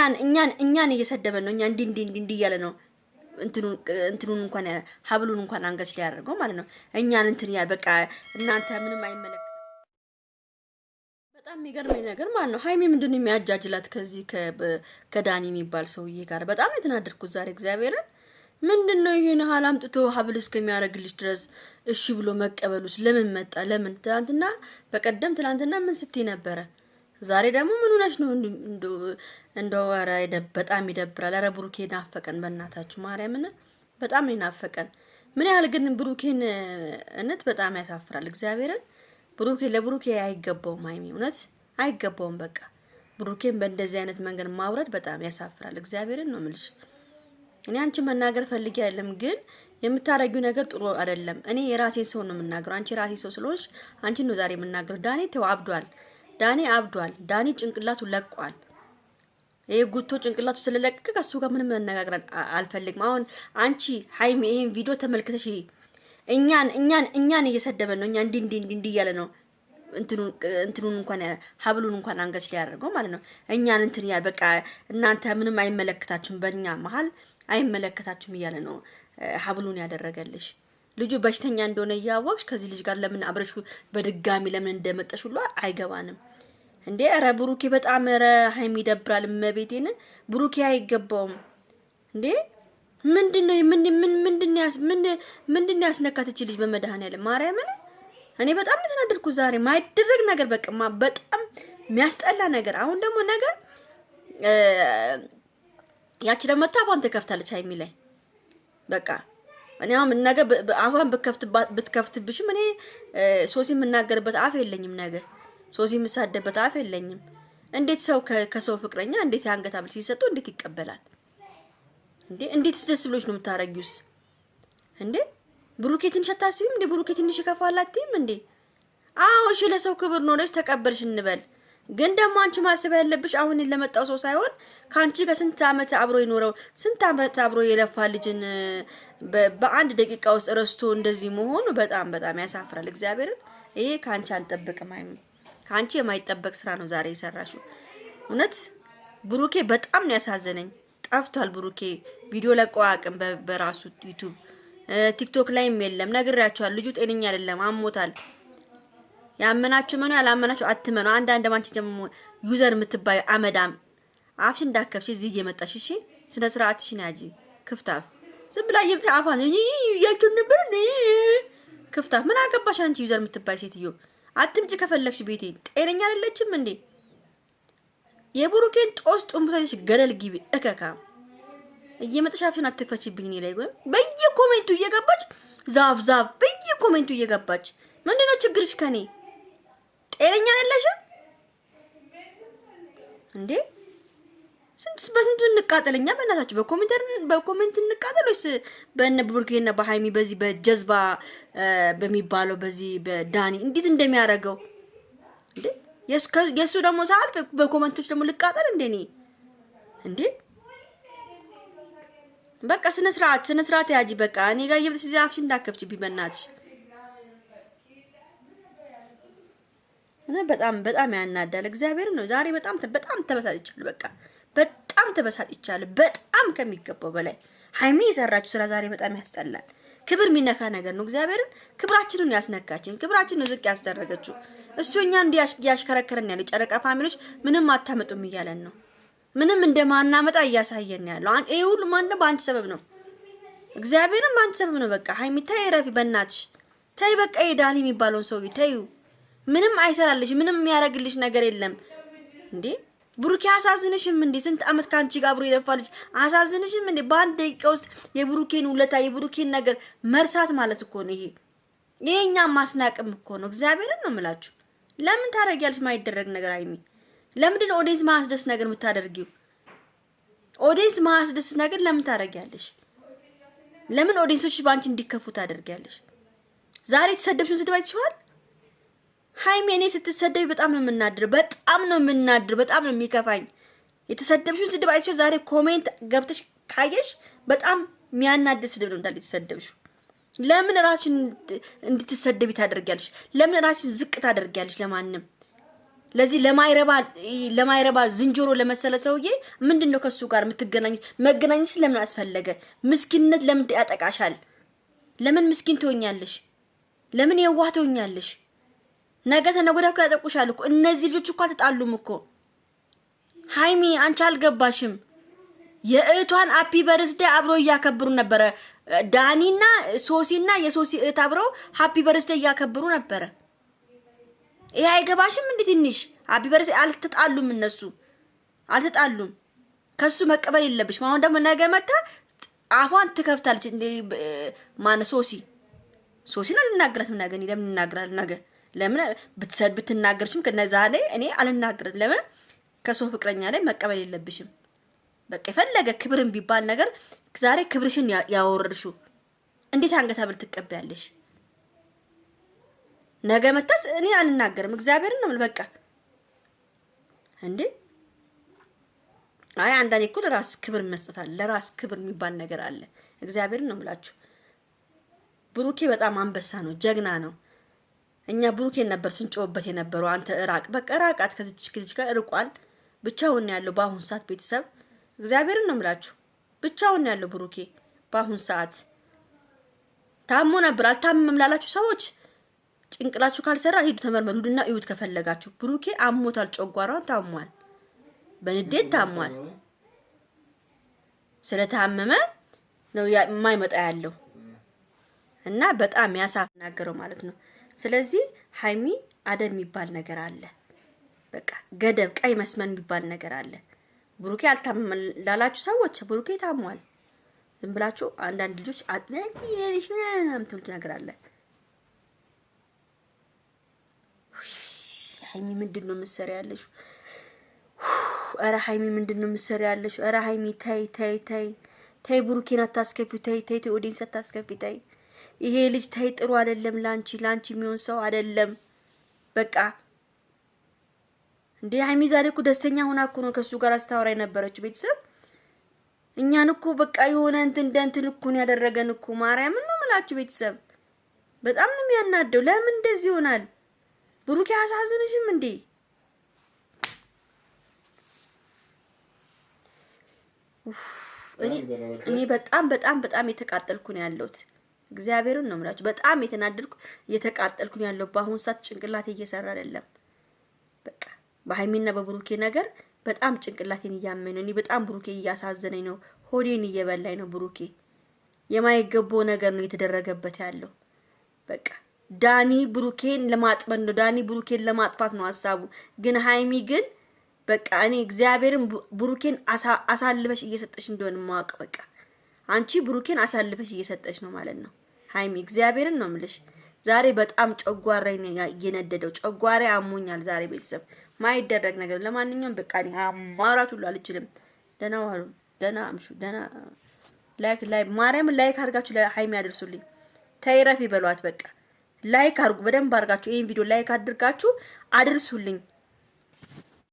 እኛን እኛን እኛን እየሰደበ ነው። እኛ እንዲ እንዲ እንዲ እያለ ነው እንትኑን እንትኑን እንኳን ሀብሉን እንኳን አንገት ላይ ያደርገው ማለት ነው። እኛን እንትን ያ በቃ እናንተ ምንም አይመለከት። በጣም የሚገርመኝ ነገር ማለት ነው ሀይሚ ምንድን የሚያጃጅላት ከዚህ ከዳኒ የሚባል ሰውዬ ጋር በጣም የተናደድኩት ዛሬ እግዚአብሔርን ምንድን ነው ይሄን ሀል አምጥቶ ሀብል እስከሚያደርግልሽ ድረስ እሺ ብሎ መቀበሉስ ለምን መጣ? ለምን ትናንትና፣ በቀደም ትናንትና ምን ስትይ ነበረ? ዛሬ ደግሞ ምን ሆነሽ ነው? እንደው ኧረ በጣም ይደብራል። ኧረ ብሩኬ ናፈቀን፣ በእናታችሁ ማርያምን በጣም ይናፈቀን። ናፈቀን። ምን ያህል ግን ብሩኬን እነት በጣም ያሳፍራል። እግዚአብሔርን ብሩኬ ለብሩኬ አይገባውም። ሀይሚ እውነት አይገባውም። በቃ ብሩኬን በእንደዚህ አይነት መንገድ ማውረድ በጣም ያሳፍራል። እግዚአብሔርን ነው የምልሽ። እኔ አንቺ መናገር ፈልጌ አይደለም፣ ግን የምታረጊው ነገር ጥሩ አይደለም። እኔ የራሴን ሰው ነው የምናገረው። አንቺ የራሴ ሰው ስለሆንሽ አንቺን ነው ዛሬ የምናገረው። ዳኔ ተው አብዷል። ዳኒ አብዷል። ዳኒ ጭንቅላቱ ለቋል። ይሄ ጉቶ ጭንቅላቱ ስለለቀቀ ከሱ ጋር ምንም መነጋገር አልፈልግም። አሁን አንቺ ሀይሚ ይሄን ቪዲዮ ተመልክተሽ እኛን እኛን እኛን እየሰደበን ነው። እኛ እንዲህ እንዲህ እንዲህ እያለ ነው እንትኑን እንኳን ሀብሉን እንኳን አንገት ላይ ማለት ነው። እኛን እንትን ያል በቃ እናንተ ምንም አይመለከታችሁም፣ በእኛ መሀል አይመለከታችሁም እያለ ነው ሀብሉን ያደረገልሽ። ልጁ በሽተኛ እንደሆነ እያወቅሽ ከዚህ ልጅ ጋር ለምን አብረሽ በድጋሚ ለምን እንደመጠሽ ሁሉ አይገባንም። እንዴ ረ ብሩኬ በጣም ረ ሀይሚ ይደብራል። እመቤቴን ብሩኬ አይገባውም እንዴ ምንድነው? ምን ምን ምንድነው? ምን ምንድነው ልጅ በመድኃኒዓለም ማርያምን እኔ በጣም ተናደድኩ ዛሬ። ማይደረግ ነገር በቃ በጣም የሚያስጠላ ነገር። አሁን ደግሞ ነገር ያቺ ደግሞ አፏን ትከፍታለች ሀይሚ ላይ በቃ እኔ አሁን ነገ አፏን ብትከፍትብሽም እኔ ሶሲ የምናገርበት አፍ የለኝም ነገ ሶሲ የምሳደበት አፍ የለኝም። እንዴት ሰው ከሰው ፍቅረኛ እንዴት የአንገት ሐብል ሲሰጠው እንዴት ይቀበላል እንዴ? እንዴት ደስ ብሎች ነው የምታረጊውስ እንዴ? ብሩኬ ትንሽ አታስቢም እንዴ? ብሩኬ ትንሽ ይከፋል እንዴ? አዎ እሺ፣ ለሰው ክብር ኖረሽ ተቀበልሽ እንበል። ግን ደግሞ አንቺ ማሰብ ያለብሽ አሁን ለመጣው ሰው ሳይሆን ከአንቺ ከስንት አመት አብሮ የኖረው ስንት አመት አብሮ የለፋ ልጅን በአንድ ደቂቃ ውስጥ ረስቶ እንደዚህ መሆኑ በጣም በጣም ያሳፍራል። እግዚአብሔርን ይሄ ከአንቺ አንጠብቅም አይሚ ከአንቺ የማይጠበቅ ስራ ነው ዛሬ የሰራሽው። እውነት ብሩኬ በጣም ነው ያሳዘነኝ። ጠፍቷል ብሩኬ ቪዲዮ ለቆ አቅም በራሱ ዩቱብ ቲክቶክ ላይም የለም። ነግሬያቸዋል። ልጁ ጤነኛ አይደለም፣ አሞታል። ያመናችሁ መኑ ያላመናችሁ አትመኑ። አንዳንድ አንቺ ደግሞ ዩዘር የምትባዩ አመዳም አፍሽ እንዳከፍሽ እዚህ እየመጣሽ እሺ፣ ስነ ስርዓትሽን ያጂ። ክፍታፍ ዝም ብላ የብት አፋን ነበር ክፍታፍ። ምን አገባሽ አንቺ ዩዘር የምትባይ ሴትዮ? አትምጭ ከፈለግሽ ቤቴ። ጤነኛ አይደለችም እንዴ? የብሩኬን ጦስ ጡምሳይሽ ገለል ግቢ እከካ። እየመጣሽ አፍሽን አትክፈችብኝ እኔ ላይ ወይም በየኮሜንቱ እየገባች ዛፍ ዛፍ፣ በየኮሜንቱ እየገባች ነው ችግርሽ ከኔ? ጤነኛ አይደለሽም እንዴ? በስንቱ እንቃጠለኛ? በእናታችሁ በኮሜንተር በኮሜንት እንቃጠል ወይስ በእነ ብሩኬና በሀይሚ በዚህ በጀዝባ በሚባለው በዚህ በዳኒ እንዴት እንደሚያደርገው እንዴ! የእሱ ደግሞ ሰዓት በኮመንቶች ደግሞ ልቃጠል እንዴ? እኔ እንዴ! በቃ ስነ ስርዓት ስነ ስርዓት ያጂ በቃ እኔ ጋር ይብስ እዚህ አፍሽ እንዳከፍች በእናትሽ እና በጣም በጣም ያናዳል። እግዚአብሔር ነው ዛሬ በጣም በጣም ተበሳጭቻለሁ በቃ በጣም ተበሳጭቻለሁ። በጣም ከሚገባው በላይ ሀይሚ የሰራችሁ ስራ ዛሬ በጣም ያስጠላል። ክብር የሚነካ ነገር ነው። እግዚአብሔርን ክብራችንን ያስነካችን፣ ክብራችንን ዝቅ ያስደረገችው እሱ እኛ እንዲያሽከረከረን ያለ ጨረቃ ፋሚሎች ምንም አታመጡም እያለን ነው። ምንም እንደማናመጣ እያሳየን ያለው ይህ ሁሉ ማንደ በአንድ ሰበብ ነው። እግዚአብሔርን በአንቺ ሰበብ ነው። በቃ ሀይሚ ተይ፣ ረፊ በእናትሽ ተይ። በቃ የዳኒ የሚባለውን ሰው ተዩ። ምንም አይሰራልሽ፣ ምንም የሚያደርግልሽ ነገር የለም እንዴ ብሩኬ አሳዝንሽም እንዴ? ስንት አመት ከአንቺ ጋር አብሮ የለፋ ልጅ አሳዝንሽም እንዴ? በአንድ ደቂቃ ውስጥ የብሩኬን ውለታ የብሩኬን ነገር መርሳት ማለት እኮ ነው ይሄ ይሄኛ ማስናቅም እኮ ነው። እግዚአብሔርን ነው የምላችሁ። ለምን ታደርጊያለሽ ማይደረግ ነገር? አይሚ ለምንድን ነው ኦዴንስ ማስደስ ነገር የምታደርጊው? ኦዴንስ ማስደስ ነገር ለምን ታደርጊያለሽ? ለምን ኦዴንሶች በአንቺ እንዲከፉ ታደርጊያለሽ? ዛሬ የተሰደብሽውን ስድብ አይተሽዋል። ሀይሜ እኔ ስትሰደቢ በጣም ነው የምናድር፣ በጣም ነው የምናድር፣ በጣም ነው የሚከፋኝ። የተሰደብሽውን ስድብ አይተሽው ዛሬ ኮሜንት ገብተሽ ካየሽ በጣም የሚያናድር ስድብ ነው እንዳለ የተሰደብሽው። ለምን ራስሽን እንድትሰደቢ ታደርጊያለሽ? ለምን ራስሽን ዝቅ ታደርጊያለሽ? ለማንም ለዚህ ለማይረባ ለማይረባ ዝንጀሮ ለመሰለ ሰውዬ ምንድን ነው ከሱ ጋር የምትገናኝ? መገናኘትሽ ለምን አስፈለገ? ምስኪንነት ለምን ያጠቃሻል? ለምን ምስኪን ትሆኛለሽ? ለምን የዋህ ትሆኛለሽ? ነገ ተነጎዳ እኮ ያጠቁሻል እኮ። እነዚህ ልጆች እኮ አልተጣሉም እኮ። ሀይሚ አንቺ አልገባሽም። የእህቷን አፒ በርስዴ አብሮ እያከብሩ ነበረ። ዳኒና ሶሲና የሶሲ እህት አብረው ሀፒ በርስዴ እያከብሩ ነበረ። ይሄ አይገባሽም እንዴ? ትንሽ ሀፒ በርስዴ አልተጣሉም፣ እነሱ አልተጣሉም። ከሱ መቀበል የለብሽም። አሁን ደግሞ ነገ መታ አፏን ትከፍታለች። እንዴ ማነ ሶሲ ሶሲን አልናገራትም። ነገ ለምን ነገ ለምን ብትሰድ ብትናገርሽም ከነዛ ላይ እኔ አልናገርም። ለምን ከሰው ፍቅረኛ ላይ መቀበል የለብሽም። በቃ የፈለገ ክብርን ቢባል ነገር ዛሬ ክብርሽን ያወረድሽው እንዴት አንገታ ብል ትቀበያለሽ? ነገ መታስ እኔ አልናገርም። እግዚአብሔርን ነው በቃ እንዴ አይ አንዳንዴ እኮ ለራስ ክብር መስጠት አለ። ለራስ ክብር የሚባል ነገር አለ። እግዚአብሔርን ነው የምላችሁ። ብሩኬ በጣም አንበሳ ነው፣ ጀግና ነው። እኛ ብሩኬን ነበር ስንጮበት የነበረው። አንተ እራቅ በቃ እራቃት ከዚች ልጅ ጋር እርቋል። ብቻውን ያለው በአሁን ሰዓት ቤተሰብ እግዚአብሔርን ነው የምላችሁ። ብቻውን ያለው ብሩኬ በአሁን ሰዓት ታሞ ነበር። አልታመመም ላላችሁ ሰዎች ጭንቅላችሁ ካልሰራ ሂዱ ተመርመሩ፣ ሂዱና እዩት ከፈለጋችሁ። ብሩኬ አሞታል፣ ጨጓራውን ታሟል፣ በንዴት ታሟል። ስለታመመ ነው የማይመጣ ያለው እና በጣም ያሳፍናገረው ማለት ነው። ስለዚህ ሀይሚ አደብ የሚባል ነገር አለ። በቃ ገደብ፣ ቀይ መስመር የሚባል ነገር አለ። ብሩኬ አልታመመም ላላችሁ ሰዎች ብሩኬ ታሟል። ዝም ብላችሁ አንዳንድ ልጆች ምትሉት ነገር አለ። ሀይሚ ምንድን ነው የምትሰሪ ያለሽ? ኧረ ሀይሚ ምንድን ነው የምትሰሪ ያለሽ? ኧረ ሀይሚ ተይ ተይ ተይ ተይ፣ ብሩኬን አታስከፊ ተይ ተይ፣ ኦዲንስ አታስከፊ ተይ። ይሄ ልጅ ታይ ጥሩ አይደለም ላንቺ ላንቺ የሚሆን ሰው አይደለም። በቃ እንዴ ሀይሚ ዛሬ እኮ ደስተኛ ሆና እኮ ነው ከሱ ጋር አስታወራ የነበረችው። ቤተሰብ እኛን እኮ በቃ የሆነ እንትን ደንትን እኮ ነው ያደረገን እኮ ማርያምን ነው የምላችሁ ቤተሰብ። በጣም ነው የሚያናደው። ለምን እንደዚህ ይሆናል? ብሩኬ አሳዝንሽም እንዴ? እኔ በጣም በጣም በጣም የተቃጠልኩ ነው ያለሁት። እግዚአብሔርን ነው የምላችሁ። በጣም የተናደድኩ እየተቃጠልኩ ያለው በአሁኑ ሰዓት ጭንቅላቴ እየሰራ አይደለም። በቃ በሀይሚና በብሩኬ ነገር በጣም ጭንቅላቴን እያመኝ ነው። እኔ በጣም ብሩኬ እያሳዘነኝ ነው። ሆዴን እየበላኝ ነው። ብሩኬ የማይገባው ነገር ነው እየተደረገበት ያለው። በቃ ዳኒ ብሩኬን ለማጥመድ ነው፣ ዳኒ ብሩኬን ለማጥፋት ነው ሀሳቡ። ግን ሀይሚ ግን በቃ እኔ እግዚአብሔርን ብሩኬን አሳልፈሽ እየሰጠሽ እንደሆነ ማወቅ በቃ አንቺ ብሩኬን አሳልፈሽ እየሰጠች ነው ማለት ነው። ሀይሚ እግዚአብሔርን ነው ምልሽ። ዛሬ በጣም ጨጓራ እየነደደው ጨጓራ አሞኛል። ዛሬ ቤተሰብ ማይደረግ ነገር። ለማንኛውም በቃ አማራት ሁሉ አልችልም። ደህና ዋሉ፣ ደህና አምሹ፣ ደህና ላይክ ላይ ማርያምን ላይክ አድርጋችሁ ለሀይሚ ያደርሱልኝ። ተይረፊ በሏት በቃ ላይክ አድርጉ፣ በደንብ አድርጋችሁ ይህን ቪዲዮ ላይክ አድርጋችሁ አድርሱልኝ።